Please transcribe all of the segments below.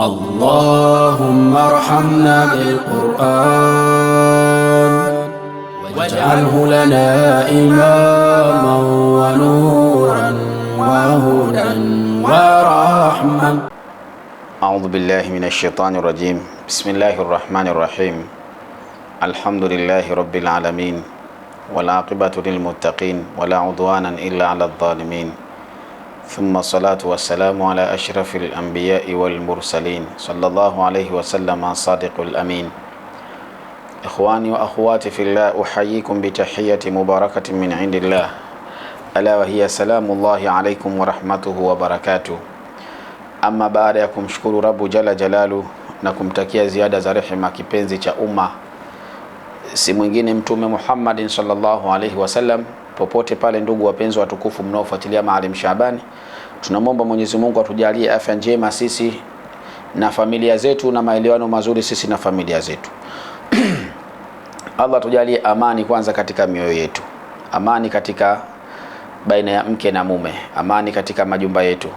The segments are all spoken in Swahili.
اللهم ارحمنا بالقرآن واجعله لنا إماما ونورا وهدى ورحمة أعوذ بالله من الشيطان الرجيم بسم الله الرحمن الرحيم الحمد لله رب العالمين والعاقبة للمتقين ولا عدوانا إلا على الظالمين Thumma salatu wassalamu ala ashrafi alambiyai walmursalin sallallahu alayhi wasallama sadiqu lamin. Ikhwani wa akhwati fillah, uhayikum bitahiyati mubarakatin min indillah ala wahiya salamu llahi alaikum warahmatuhu wabarakatuh. Amma baada ya kumshukuru Rabu jala jalalu na kumtakia ziada za rehema kipenzi cha umma si mwingine Mtume Muhammadin sallallahu alayhi wasallam popote pale, ndugu wapenzi watukufu mnaofuatilia Maalim Shabani, tunamwomba Mwenyezi Mungu atujalie afya njema sisi na familia zetu na maelewano mazuri sisi na familia zetu. Allah tujalie amani kwanza katika mioyo yetu, amani katika baina ya mke na mume, amani katika majumba yetu.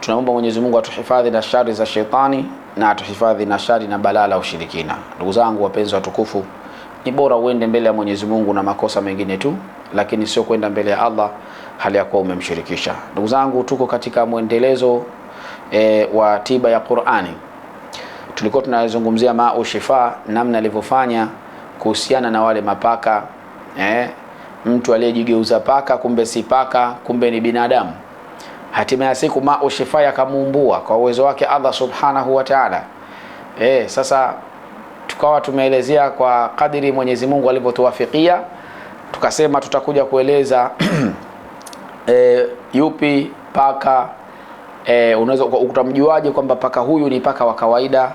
Tunaomba Mwenyezi Mungu atuhifadhi na shari za shetani na atuhifadhi na shari na balaa la ushirikina. Ndugu zangu wapenzi watukufu ni bora uende mbele ya Mwenyezi Mungu na makosa mengine tu, lakini sio kwenda mbele ya Allah hali ya kuwa umemshirikisha. Ndugu zangu, tuko katika mwendelezo e, wa tiba ya Qur'ani. Tulikuwa tunazungumzia mau shifa, namna alivyofanya kuhusiana na wale mapaka e, mtu aliyejigeuza paka, kumbe si paka, kumbe ni binadamu. Hatima ya siku mau shifa yakamuumbua kwa uwezo wake Allah subhanahu wa ta'ala. E, sasa tukawa tumeelezea kwa kadiri Mwenyezi Mungu alivyotuwafikia, tukasema tutakuja kueleza e, yupi paka e, unaweza utamjuaje kwamba paka huyu ni paka wa kawaida?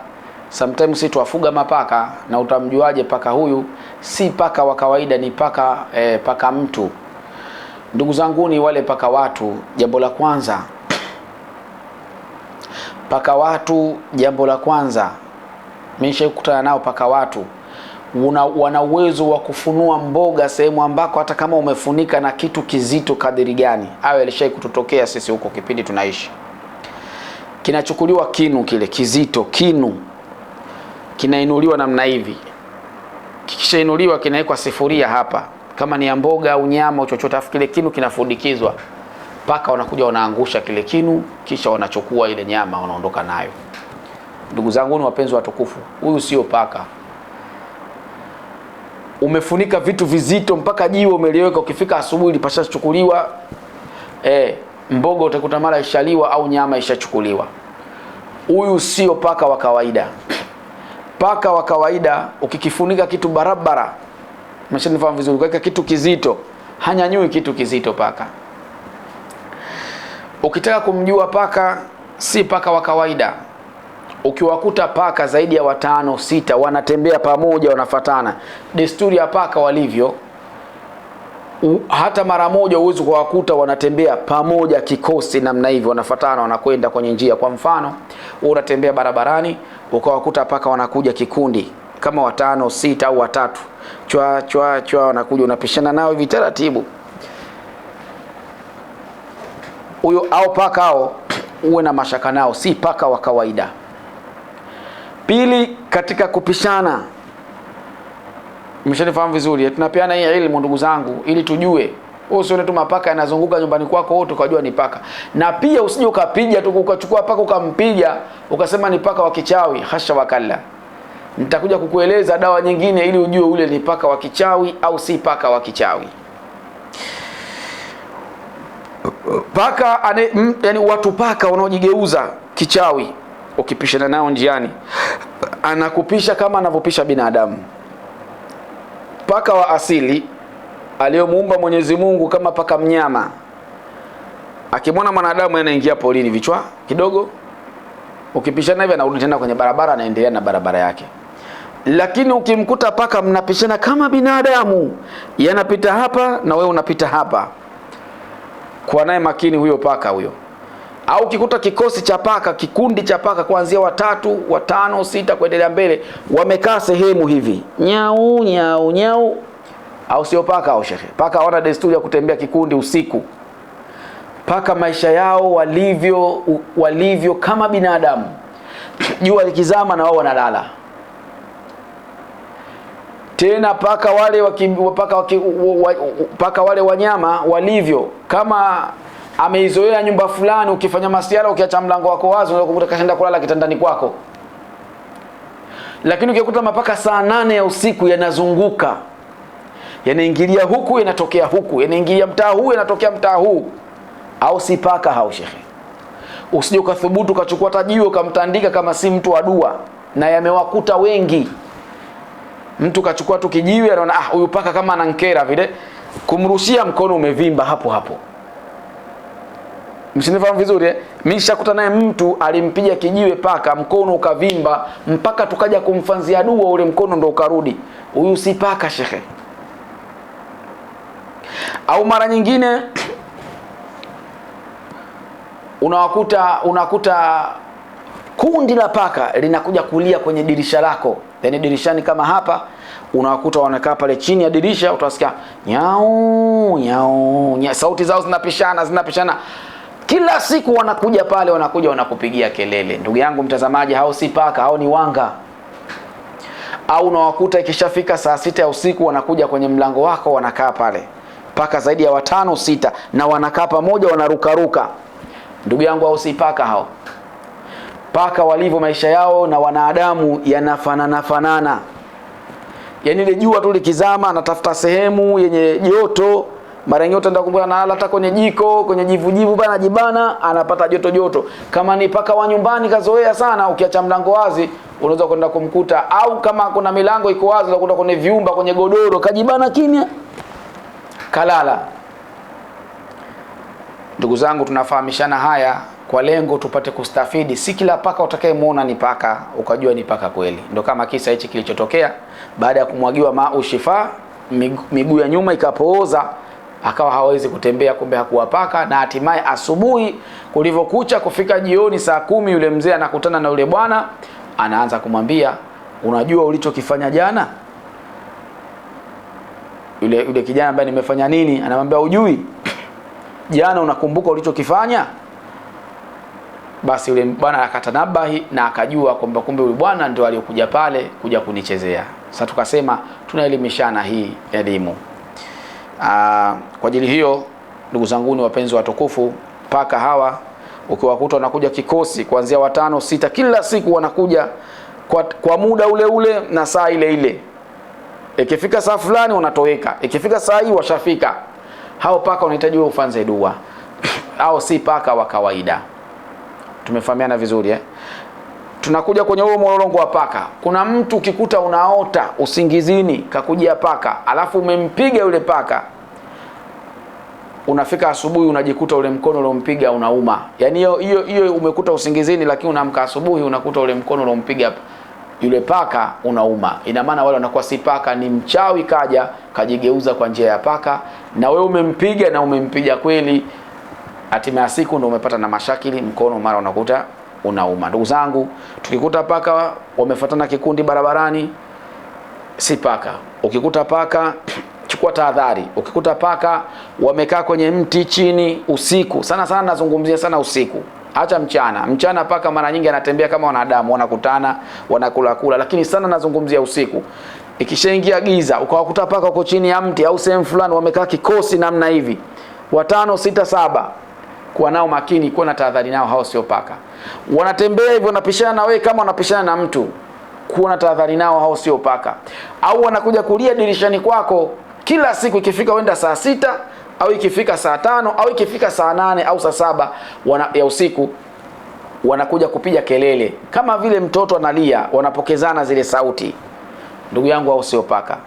Sometimes si tuwafuga mapaka na utamjuaje paka huyu si paka wa kawaida, ni paka e, paka mtu? Ndugu zangu, ni wale paka watu. Jambo la kwanza, paka watu, jambo la kwanza Nimesha kukutana nao paka watu una, wana uwezo wa kufunua mboga sehemu ambako hata kama umefunika na kitu kizito kadiri gani. Hayo yalishai kututokea sisi huko kipindi tunaishi. Kinachukuliwa kinu kile kizito, kinu kinainuliwa namna hivi, kikishainuliwa kinawekwa sifuria hapa, kama ni ya mboga au nyama au chochote, afu kile kinu kinafundikizwa, paka wanakuja wanaangusha kile kinu, kisha wanachukua ile nyama wanaondoka nayo. Ndugu zangu ni wapenzi watukufu, huyu sio paka. Umefunika vitu vizito mpaka jiwe umeliweka, ukifika asubuhi lipashachukuliwa. E, eh, mboga utakuta mara ishaliwa au nyama ishachukuliwa. Huyu sio paka wa kawaida. Paka wa kawaida ukikifunika kitu barabara, umeshanifahamu vizuri, ukaweka kitu kizito, hanyanyui kitu kizito paka. Ukitaka kumjua paka, si paka wa kawaida Ukiwakuta paka zaidi ya watano sita, wanatembea pamoja, wanafatana desturi ya paka walivyo. hata mara moja huwezi kuwakuta wanatembea pamoja kikosi namna hivyo, wanafatana wanakwenda kwenye njia. Kwa mfano, unatembea barabarani ukawakuta paka wanakuja kikundi kama watano sita au watatu, chwa chwa chwa, wanakuja unapishana nao hivi taratibu, huyo au paka hao uwe na mashaka nao, si paka wa kawaida. Pili, katika kupishana, mshanifahamu vizuri, tunapeana hii elimu ndugu zangu, ili tujue usione tu mapaka yanazunguka nyumbani kwako wote ukajua ni paka. Na pia usije ukapiga tu ukachukua paka ukampiga ukasema ni paka wa kichawi, hasha wakalla. Nitakuja kukueleza dawa nyingine ili ujue ule ni paka wa kichawi au si paka wa kichawi. Paka ane, m, yani watu paka wanaojigeuza kichawi ukipishana nao njiani, anakupisha kama anavyopisha binadamu. Paka wa asili aliyomuumba Mwenyezi Mungu kama paka mnyama, akimwona mwanadamu anaingia polini, vichwa kidogo, ukipishana hivi anarudi tena kwenye barabara, anaendelea na barabara yake. Lakini ukimkuta paka mnapishana kama binadamu, yanapita hapa na wewe unapita hapa, kwa naye makini huyo paka huyo au ukikuta kikosi cha paka, kikundi cha paka kuanzia watatu, watano, sita kuendelea mbele, wamekaa sehemu hivi nyau nyau nyau, au sio? Paka au shekhe, paka hawana desturi ya kutembea kikundi usiku. Paka maisha yao walivyo walivyo kama binadamu, jua likizama na wao wanalala tena paka wale waki, paka, waki, paka wale wanyama walivyo kama ameizoea nyumba fulani, ukifanya masiara, ukiacha mlango wako wazi, unaweza kukuta kashaenda kulala kitandani kwako. Lakini ukikuta mapaka saa nane ya usiku yanazunguka, yanaingilia huku, yanatokea huku, yanaingilia mtaa huu, yanatokea mtaa huu, au si paka hao shehe, Usije ukathubutu ukachukua tajio ukamtandika kama si mtu wa dua, na yamewakuta wengi. Mtu kachukua tu kijiwe, anaona ah, huyu paka kama anankera vile, kumrushia mkono umevimba hapo hapo. Msinifahamu vizuri eh? Mimi nishakutana naye mtu alimpiga kijiwe paka mkono ukavimba mpaka tukaja kumfanzia dua ule mkono ndo ukarudi. Huyu si paka shekhe. Au mara nyingine unawakuta unakuta kundi la paka linakuja kulia kwenye dirisha lako, yaani dirishani kama hapa, unawakuta wanakaa pale chini ya dirisha, utawasikia nyau nyau, sauti zao zinapishana zinapishana kila siku wanakuja pale, wanakuja wanakupigia kelele. Ndugu yangu mtazamaji, hao si paka, hao ni wanga. Au unawakuta ikishafika saa sita ya usiku wanakuja kwenye mlango wako, wanakaa pale paka zaidi ya watano sita, na wanakaa pamoja, wanarukaruka. Ndugu yangu, hao si paka hao. Paka walivyo maisha yao na wanadamu yanafanana fanana, yaani ile jua tu likizama anatafuta sehemu yenye joto mara nyingi utaenda kumkuta na hata kwenye jiko, kwenye jivu jivu bana jibana anapata joto joto. Kama ni paka wa nyumbani kazoea sana, ukiacha mlango wazi unaweza kwenda kumkuta au kama kuna milango iko wazi unakuta kwenye viumba, kwenye godoro kajibana kimya. Kalala. Ndugu zangu, tunafahamishana haya kwa lengo tupate kustafidi. Si kila paka utakayemuona ni paka ukajua ni paka kweli. Ndio kama kisa hichi kilichotokea baada ya kumwagiwa maushifa miguu ya nyuma ikapooza akawa hawezi kutembea, kumbe hakuwapaka. Na hatimaye asubuhi kulivyokucha kufika jioni saa kumi, yule mzee anakutana na yule bwana, anaanza kumwambia unajua ulichokifanya jana? Yule yule kijana ambaye nimefanya nini? Anamwambia ujui, jana unakumbuka ulichokifanya? Basi yule bwana akatanabahi na akajua kwamba kumbe yule bwana ndio aliyokuja pale kuja kunichezea. Sasa tukasema tunaelimishana hii elimu. Aa, ah, kwa ajili hiyo ndugu zanguni wapenzi watukufu, paka hawa ukiwakuta wanakuja kikosi kuanzia watano sita, kila siku wanakuja kwa, kwa muda ule ule na saa ile ile. Ikifika saa fulani wanatoweka, ikifika saa hii washafika. Hao paka wanahitaji wewe ufanze dua. Hao si paka wa kawaida, tumefahamiana vizuri eh? tunakuja kwenye huo mlolongo wa paka. Kuna mtu ukikuta unaota usingizini kakujia paka, alafu umempiga yule paka, unafika asubuhi unajikuta ule mkono uliompiga unauma. Yaani hiyo hiyo hiyo umekuta usingizini, lakini unaamka asubuhi unakuta ule mkono uliompiga yule paka unauma. Ina maana wale wanakuwa si paka, ni mchawi kaja kajigeuza kwa njia ya paka, na wewe umempiga na umempiga kweli, hatimaye siku ndio umepata na mashakili, mkono mara unakuta unauma. Ndugu zangu, tukikuta paka wamefuatana kikundi barabarani, si paka. Ukikuta paka chukua tahadhari. Ukikuta paka wamekaa kwenye mti chini usiku, sana sana nazungumzia sana usiku, hata mchana. Mchana paka mara nyingi anatembea kama wanadamu, wanakutana, wanakula kula, lakini sana nazungumzia usiku. Ikishaingia giza, ukawakuta paka uko chini ya mti au sehemu fulani, wamekaa kikosi namna hivi, watano, sita, saba, kuwa nao makini, kuwa na tahadhari nao, hao sio paka wanatembea hivyo, wanapishana na wewe kama wanapishana na mtu, kuona tahadhari nao hao, sio paka. Au wanakuja kulia dirishani kwako kila siku, ikifika wenda saa sita au ikifika saa tano au ikifika saa nane au saa saba wana, ya usiku wanakuja kupiga kelele kama vile mtoto analia, wanapokezana zile sauti. Ndugu yangu, hao sio paka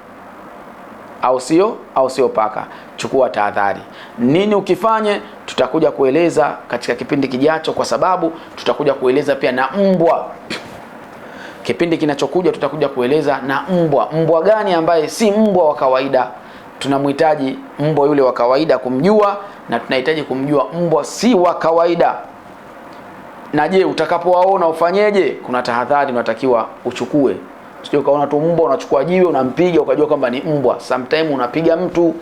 au sio au sio paka. Chukua tahadhari. Nini ukifanye, tutakuja kueleza katika kipindi kijacho, kwa sababu tutakuja kueleza pia na mbwa. Kipindi kinachokuja tutakuja kueleza na mbwa, mbwa gani ambaye si mbwa wa kawaida tunamhitaji mbwa yule wa kawaida kumjua, na tunahitaji kumjua mbwa si wa kawaida. Na je, utakapowaona ufanyeje? Kuna tahadhari unatakiwa uchukue. Sio kaona tu mbwa unachukua jiwe unampiga ukajua kwamba ni mbwa. Sometimes unapiga mtu.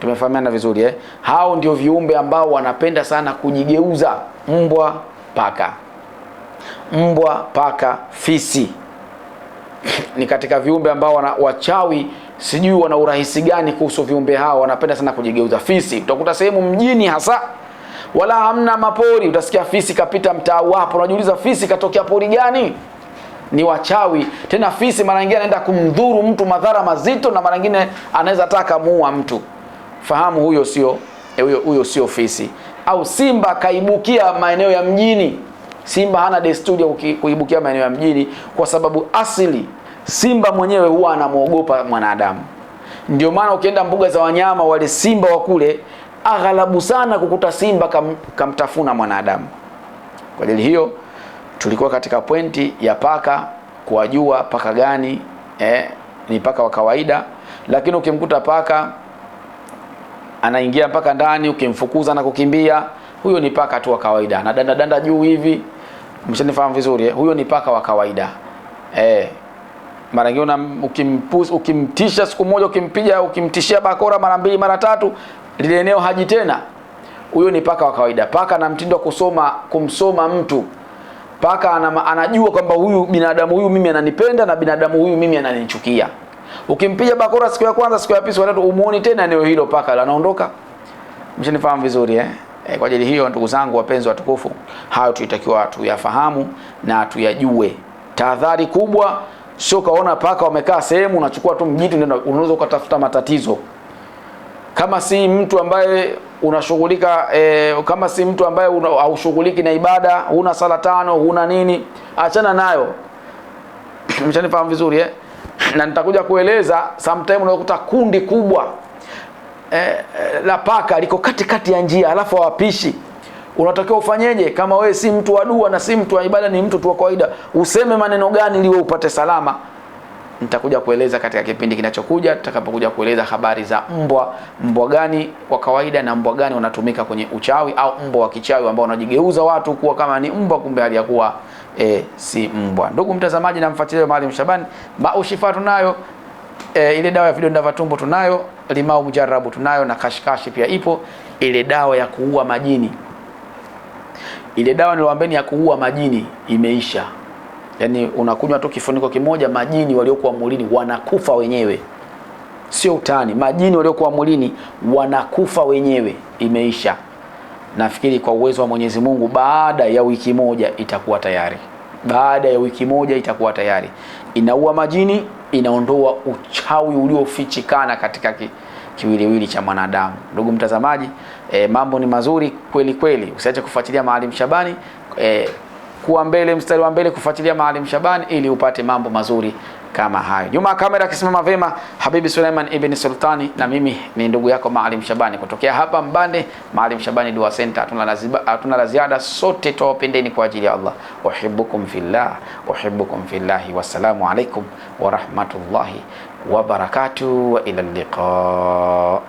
Tumefahamiana vizuri eh? Hao ndio viumbe ambao wanapenda sana kujigeuza. Mbwa, paka. Mbwa, paka, fisi. Ni katika viumbe ambao wana wachawi sijui wana urahisi gani kuhusu viumbe hao, wanapenda sana kujigeuza. Fisi utakuta sehemu mjini hasa wala hamna mapori, utasikia fisi kapita mtaa wapo, unajiuliza fisi katokea pori gani? ni wachawi tena. Fisi mara nyingine anaenda kumdhuru mtu madhara mazito, na mara nyingine anaweza hata muua mtu. Fahamu huyo sio eh, huyo, huyo sio fisi. Au simba kaibukia maeneo ya mjini. Simba hana desturi ya kuibukia maeneo ya mjini, kwa sababu asili simba mwenyewe huwa anamwogopa mwanadamu. Ndio maana ukienda mbuga za wanyama, wale simba wa kule aghalabu sana kukuta simba kam, kamtafuna mwanadamu. Kwa ajili hiyo tulikuwa katika pointi ya paka kuwajua paka gani eh, ni paka wa kawaida, lakini ukimkuta paka anaingia mpaka ndani, ukimfukuza na kukimbia, huyo ni paka tu wa kawaida, anadanda danda juu hivi. Mshanifahamu vizuri eh? Huyo ni paka wa kawaida eh. Mara nyingine ukimpus ukimtisha siku moja, ukimpiga, ukimtishia bakora mara mbili mara tatu, lile eneo haji tena, huyo ni paka wa kawaida. Paka na mtindo wa kusoma kumsoma mtu mpaka anajua kwamba huyu binadamu huyu mimi ananipenda na binadamu huyu mimi ananichukia. Ukimpiga bakora siku ya kwanza, siku ya pili, siku ya tatu, umuoni tena eneo hilo paka anaondoka. Mshanifahamu vizuri eh? E, kwa ajili hiyo ndugu zangu wapenzi watukufu, hayo tuitakiwa tuyafahamu na tuyajue. Tahadhari kubwa, sio kaona paka wamekaa sehemu unachukua tu mjitu, unaweza ukatafuta matatizo kama si mtu ambaye unashughulika e, kama si mtu ambaye haushughuliki na ibada, huna sala tano, huna nini, achana nayo mshanifahamu vizuri eh? na nitakuja kueleza sometime unakuta kundi kubwa e, la paka liko katikati ya njia, alafu hawapishi. Unatakiwa ufanyeje? Kama wewe si mtu wa dua na si mtu wa ibada, ni mtu tu wa kawaida, useme maneno gani liwe upate salama? nitakuja kueleza katika kipindi kinachokuja tutakapokuja kueleza habari za mbwa, mbwa gani wa kawaida na mbwa gani wanatumika kwenye uchawi au mbwa wa kichawi ambao wanajigeuza watu kuwa kama ni mbwa kumbe hali ya kuwa e, si mbwa. Ndugu mtazamaji na mfuatiliaji Maalim Shabani, maushifa tunayo e, ile dawa ya vidonda vya tumbo tunayo, limau mjarabu tunayo na kashikashi pia ipo, ile dawa ya kuua majini, ile dawa niliwaambeni ya kuua majini imeisha yani unakunywa tu kifuniko kimoja, majini waliokuwa mwilini wanakufa wenyewe, sio utani. Majini waliokuwa mwilini wanakufa wenyewe, imeisha. Nafikiri kwa uwezo wa Mwenyezi Mungu, baada ya wiki moja itakuwa tayari, baada ya wiki moja itakuwa tayari. Inaua majini, inaondoa uchawi uliofichikana katika ki, kiwiliwili cha mwanadamu. Ndugu mtazamaji, e, mambo ni mazuri kweli kweli. Usiache kufuatilia Maalim Shabani e, kuwa mbele, mstari wa mbele, kufuatilia Maalim Shabani ili upate mambo mazuri kama hayo. Nyuma kamera akisimama vema Habibi Suleiman Ibn Sultani, na mimi ni ndugu yako Maalim Shabani kutokea hapa Mbande, Maalim Shabani Dua Center. Hatuna la ziada, sote twawapendeni kwa ajili ya Allah. Uhibbukum fillah, uhibbukum fillahi. Wassalamu alaikum wa rahmatullahi wa barakatuh, wa ila liqa.